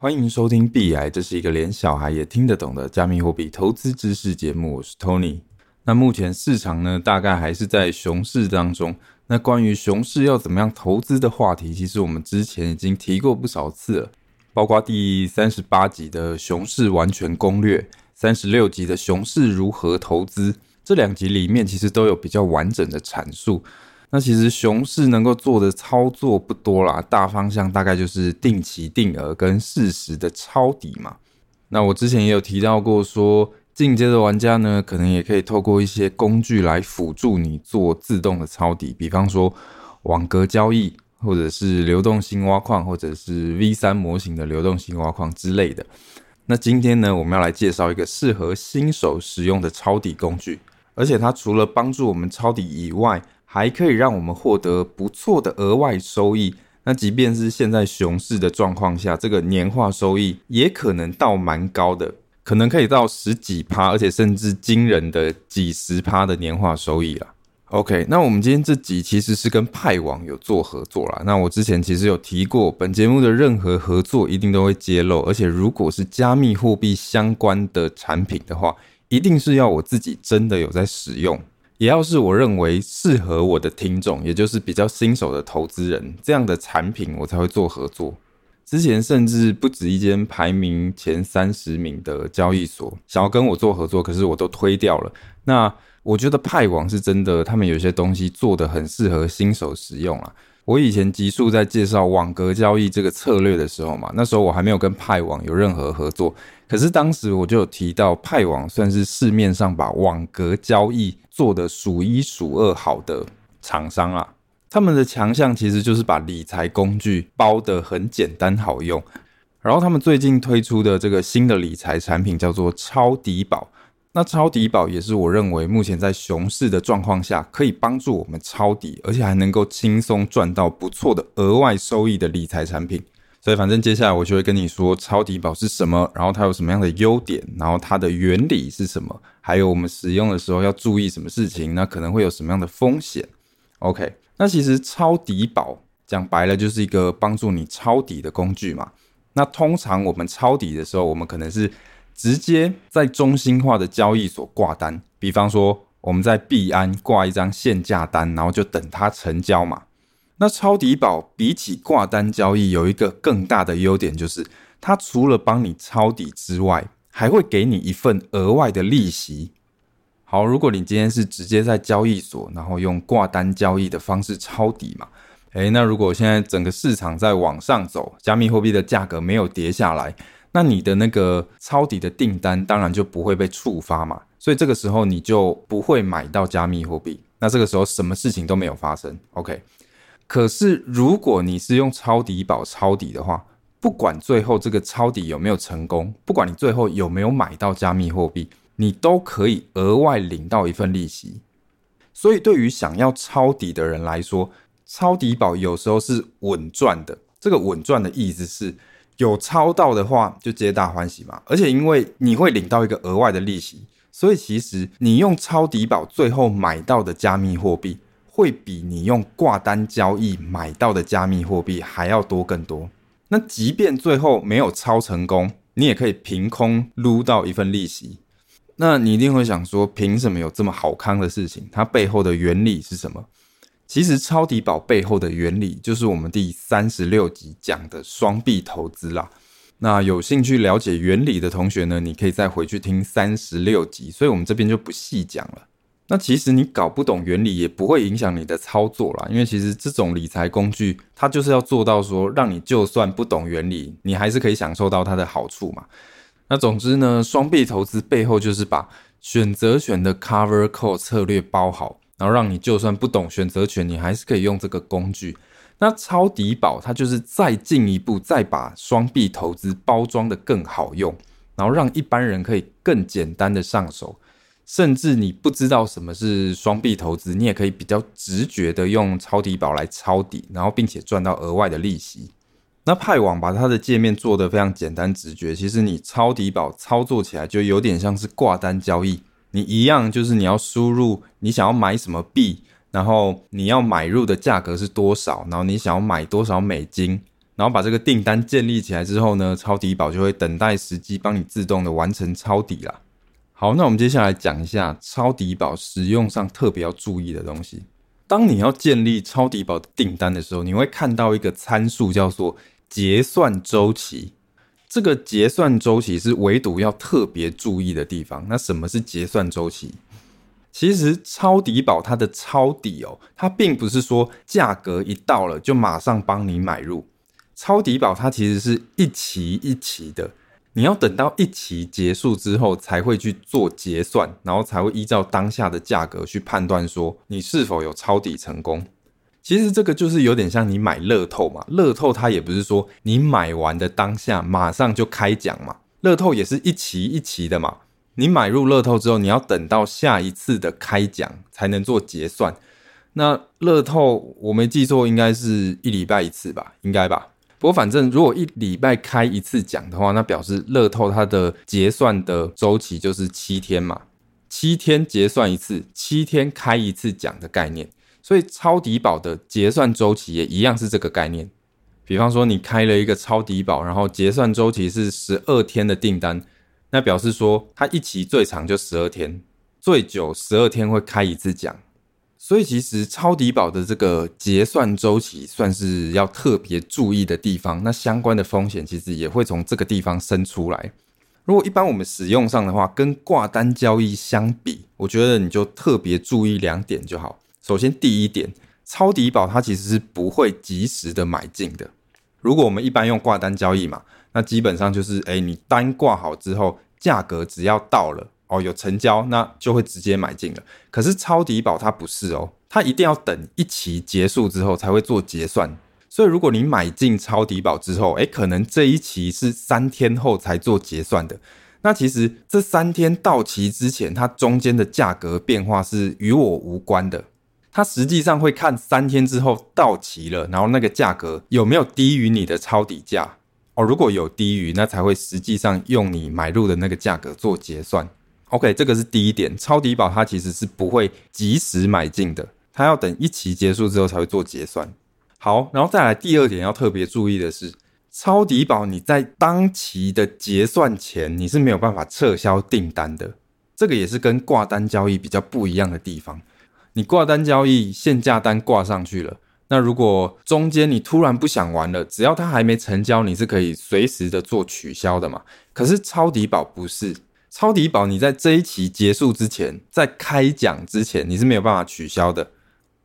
歡迎收聽 BI，這是一個連小孩也聽得懂的加密貨幣投資知識節目。我是 Tony。那目前市場呢，大概還是在熊市當中。那關於熊市要怎麼樣投資的話題，其實我們之前已經提過不少次了，包括第三十八集的熊市完全攻略、三十六集的熊市如何投資。這兩集裡面，其實都有比較完整的闡述。那其實熊市能夠做的操作不多啦，大方向大概就是定期定額跟適時的抄底嘛。那我之前也有提到過說，說進階的玩家呢，可能也可以透過一些工具來輔助你做自動的抄底，比方說網格交易，或者是流動性挖礦，或者是 V 三模型的流動性挖礦之類的。那今天呢，我們要來介紹一個適合新手使用的抄底工具，而且它除了幫助我們抄底以外，還可以讓我們獲得不錯的額外收益。那即便是現在熊市的狀況下，這個年化收益也可能到蠻高的，可能可以到十幾趴，而且甚至驚人的幾十趴的年化收益啦。OK，那我們今天這集其實是跟派網有做合作啦。那我之前其實有提過，本節目的任何合作一定都會揭露，而且如果是加密貨幣相關的產品的話，一定是要我自己真的有在使用。也要是我認為適合我的聽眾，也就是比較新手的投資人，這樣的產品我才會做合作。之前甚至不止一間排名前三十名的交易所想要跟我做合作，可是我都推掉了。那我覺得派網是真的，他們有些東西做得很適合新手使用啊。我以前幾集在介紹網格交易這個策略的時候嘛，那時候我還沒有跟派網有任何合作，可是當時我就有提到派網算是市面上把網格交易做得數一數二好的廠商啊。他們的強項其實就是把理財工具包得很簡單好用，然後他們最近推出的這個新的理財產品叫做抄底寶。那抄底寶也是我認為目前在熊市的狀況下可以幫助我們抄底，而且還能夠輕鬆賺到不錯的額外收益的理財產品。所以，反正接下來我就會跟你說抄底寶是什麼，然後它有什麼樣的優點，然後它的原理是什麼，還有我們使用的時候要注意什麼事情，那可能會有什麼樣的風險。OK，那其實抄底寶講白了就是一個幫助你抄底的工具嘛。那通常我們抄底的時候，我們可能是。直接在中心化的交易所掛單，比方說我們在幣安掛一張限價單，然後就等它成交嘛。那抄底寶比起掛單交易有一個更大的優點，就是它除了幫你抄底之外，還會給你一份額外的利息。好，如果你今天是直接在交易所，然後用掛單交易的方式抄底嘛，誒，那如果現在整個市場在往上走，加密貨幣的價格沒有跌下來。那你的那個抄底的訂單當然就不會被觸發嘛，所以這個時候你就不會買到加密貨幣。那這個時候什麼事情都沒有發生，OK。可是如果你是用抄底寶抄底的話，不管最後這個抄底有沒有成功，不管你最後有沒有買到加密貨幣，你都可以額外領到一份利息。所以對於想要抄底的人來說，抄底寶有時候是穩賺的。這個穩賺的意思是。有抄到的話，就皆大歡喜嘛。而且因為你會領到一個額外的利息，所以其實你用抄底寶最後買到的加密貨幣，會比你用掛單交易買到的加密貨幣還要多更多。那即便最後沒有抄成功，你也可以憑空擼到一份利息。那你一定會想說，憑什麼有這麼好康的事情？它背後的原理是什麼？其實抄底寶背後的原理就是我們第三十六集講的雙幣投資啦。那有興趣了解原理的同學呢，你可以再回去聽三十六集，所以我們這邊就不細講了。那其實你搞不懂原理也不會影響你的操作啦，因為其實這種理財工具它就是要做到說，讓你就算不懂原理，你還是可以享受到它的好處嘛。那總之呢，雙幣投資背後就是把選擇權的 Cover Call 策略包好。然後讓你就算不懂選擇權，你還是可以用這個工具。那抄底寶它就是再進一步，再把雙幣投資包裝得更好用，然後讓一般人可以更簡單的上手。甚至你不知道什麼是雙幣投資，你也可以比較直覺的用抄底寶來抄底，然後並且賺到額外的利息。那派網把它的界面做得非常簡單直覺，其實你抄底寶操作起來就有點像是掛單交易。你一樣，就是你要輸入你想要買什麼幣，然後你要買入的價格是多少，然後你想要買多少美金，然後把這個訂單建立起來之後呢，抄底寶就會等待時機，幫你自動的完成抄底啦。好，那我們接下來講一下抄底寶使用上特別要注意的東西。當你要建立抄底寶的訂單的時候，你會看到一個參數叫做結算周期。這個結算週期是唯獨要特別注意的地方。那什麼是結算週期？其實抄底寶它的抄底哦，它並不是說價格一到了就馬上幫你買入。抄底寶它其實是一期一期的，你要等到一期結束之後才會去做結算，然後才會依照當下的價格去判斷說你是否有抄底成功。其實這個就是有點像你買樂透嘛，樂透它也不是說你買完的當下馬上就開獎嘛，樂透也是一期一期的嘛。你買入樂透之後，你要等到下一次的開獎才能做結算。那樂透我沒記錯，應該是一禮拜一次吧？應該吧？不過反正如果一禮拜開一次獎的話，那表示樂透它的結算的週期就是七天嘛，七天結算一次，七天開一次獎的概念。所以抄底寶的結算週期也一樣是這個概念，比方說你開了一個抄底寶，然後結算週期是十二天的訂單，那表示說它一期最長就十二天，最久十二天會開一次獎。所以其實抄底寶的這個結算週期算是要特別注意的地方，那相關的風險其實也會從這個地方生出來。如果一般我們使用上的話，跟掛單交易相比，我覺得你就特別注意兩點就好。首先，第一點，抄底寶它其實是不會即時的買進的。如果我們一般用掛單交易嘛，那基本上就是，哎、欸，你單掛好之後，價格只要到了哦，有成交，那就會直接買進了。可是抄底寶它不是哦，它一定要等一期結束之後才會做結算。所以，如果你買進抄底寶之後，哎、欸，可能這一期是三天後才做結算的，那其實這三天到期之前，它中間的價格變化是與我無關的。它實際上會看三天之後，到期了，然後那個價格有沒有低於你的抄底價？哦，如果有低於，那才會實際上用你買入的那個價格做結算。OK，這個是第一點，抄底寶它其實是不會即時買進的，它要等一期結束之後才會做結算。好，然後再來第二點要特別注意的是，抄底寶你在當期的結算前，你是沒有辦法撤銷訂單的，這個也是跟掛單交易比較不一樣的地方。你掛單交易限價單掛上去了，那如果中間你突然不想玩了，只要它還沒成交，你是可以隨時的做取消的嘛？可是抄底寶不是，抄底寶你在這一期結束之前，在開獎之前，你是沒有辦法取消的。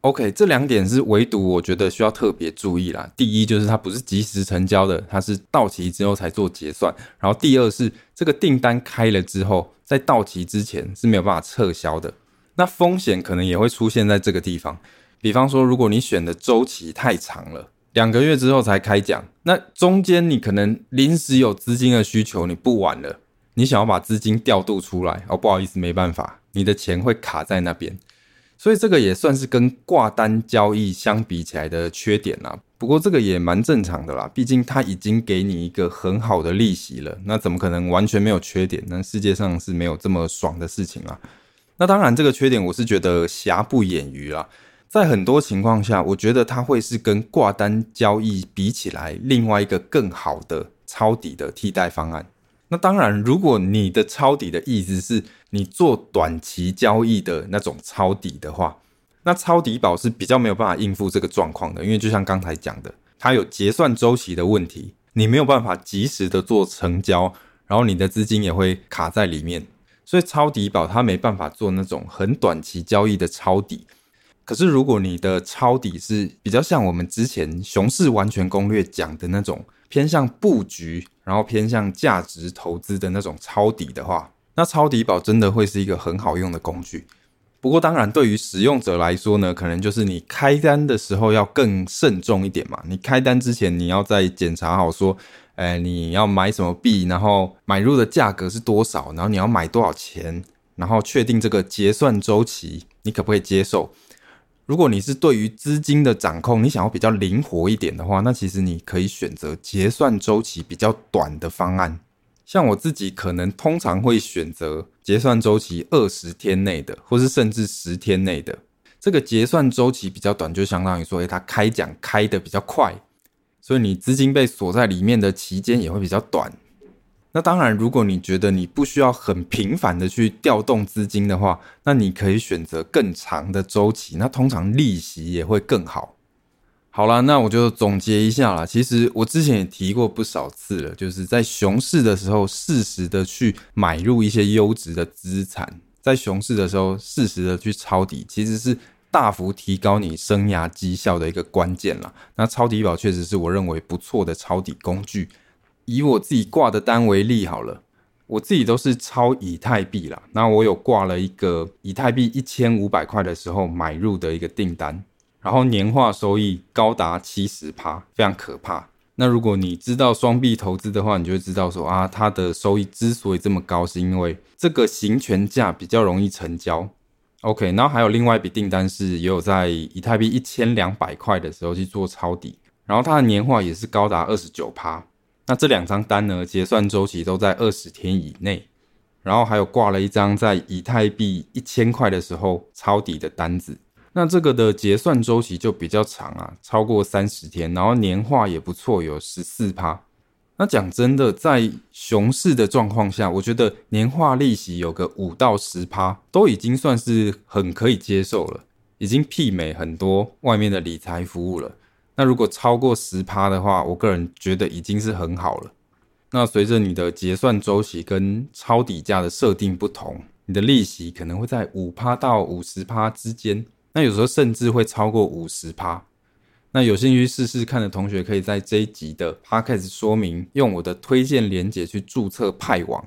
OK，這兩點是唯獨我覺得需要特別注意啦。第一就是它不是即時成交的，它是到期之後才做結算；然後第二是這個訂單開了之後，在到期之前是沒有辦法撤銷的。那風險可能也會出現在這個地方，比方說，如果你選的周期太長了，兩個月之後才開獎，那中間你可能臨時有資金的需求，你不玩了，你想要把資金調度出來，哦，不好意思，沒辦法，你的錢會卡在那邊，所以這個也算是跟掛單交易相比起來的缺點啦。不過這個也蠻正常的啦，畢竟它已經給你一個很好的利息了，那怎麼可能完全沒有缺點呢？世界上是沒有這麼爽的事情啊。那當然，這個缺點我是覺得瑕不掩瑜啦。在很多情況下，我覺得它會是跟掛單交易比起來，另外一個更好的抄底的替代方案。那當然，如果你的抄底的意思是你做短期交易的那種抄底的話，那抄底寶是比較沒有辦法應付這個狀況的，因為就像剛才講的，它有結算週期的問題，你沒有辦法及時的做成交，然後你的資金也會卡在裡面。所以抄底寶它沒辦法做那種很短期交易的抄底，可是如果你的抄底是比較像我們之前熊市完全攻略講的那種偏向布局，然後偏向價值投資的那種抄底的話，那抄底寶真的會是一個很好用的工具。不過當然，對於使用者來說呢，可能就是你開單的時候要更慎重一點嘛，你開單之前你要再檢查好說。哎、欸，你要買什麼幣？然後買入的價格是多少？然後你要買多少錢？然後確定這個結算週期，你可不可以接受？如果你是對於資金的掌控，你想要比較靈活一點的話，那其實你可以選擇結算週期比較短的方案。像我自己可能通常會選擇結算週期二十天內的，或是甚至十天內的。這個結算週期比較短，就相當於說，誒、欸，它開獎開得比較快。所以你資金被鎖在裡面的期間也會比較短。那當然，如果你覺得你不需要很頻繁的去調動資金的話，那你可以選擇更長的周期，那通常利息也會更好。好啦，那我就總結一下啦。其實我之前也提過不少次了，就是在熊市的時候適時的去買入一些優質的資產，在熊市的時候適時的去抄底，其實是。大幅提高你生涯績效的一個關鍵啦。那抄底寶確實是我認為不錯的抄底工具。以我自己掛的單為例，好了，我自己都是抄以太幣啦。那我有掛了一個以太幣一千五百塊的時候買入的一個訂單，然後年化收益高達七十趴，非常可怕。那如果你知道雙幣投資的話，你就會知道說啊，它的收益之所以這麼高，是因為這個行權價比較容易成交。OK，然後還有另外一筆訂單是也有在以太幣一千兩百塊的時候去做抄底，然後它的年化也是高達二十九趴。那這兩張單呢，結算週期都在二十天以內。然後還有掛了一張在以太幣一千塊的時候抄底的單子，那這個的結算週期就比較長啊，超過三十天，然後年化也不錯，有十四趴。那講真的，在熊市的狀況下，我覺得年化利息有個五到十趴，都已經算是很可以接受了，已經媲美很多外面的理財服務了。那如果超過十趴的話，我個人覺得已經是很好了。那隨着你的結算周期跟抄底價的設定不同，你的利息可能會在五趴到五十趴之間，那有時候甚至會超過五十趴。那有興趣試試看的同學，可以在這一集的 podcast 說明用我的推薦鏈接去註冊派網。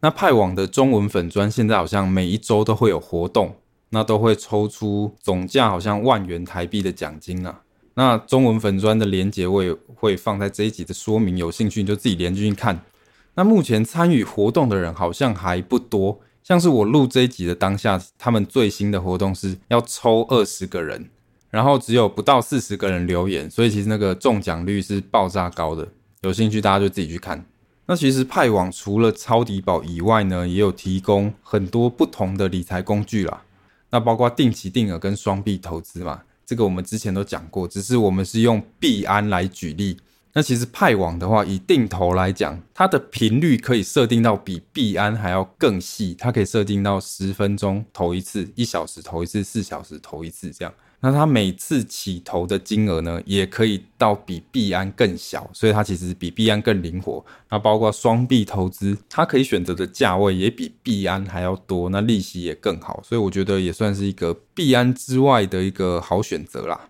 那派網的中文粉專現在好像每一周都會有活動，那都會抽出總價好像萬元台幣的獎金啊。那中文粉專的連接我也會放在這一集的說明，有興趣就自己連進去看。那目前參與活動的人好像還不多，像是我錄這一集的當下，他們最新的活動是要抽二十個人。然後只有不到四十個人留言，所以其實那個中獎率是爆炸高的。有興趣大家就自己去看。那其實派網除了抄底寶以外呢，也有提供很多不同的理財工具啦。那包括定期定額跟雙幣投資嘛，這個我們之前都講過，只是我們是用幣安來舉例。那其實派網的話，以定投來講，它的頻率可以設定到比幣安還要更細，它可以設定到十分鐘投一次，一小時投一次，四小時投一次這樣。那它每次起投的金額呢，也可以到比幣安更小，所以它其實比幣安更靈活。那包括雙幣投資，它可以選擇的價位也比幣安還要多，那利息也更好，所以我覺得也算是一個幣安之外的一個好選擇啦。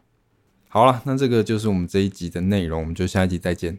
好了，那這個就是我們這一集的內容，我們就下一集再見。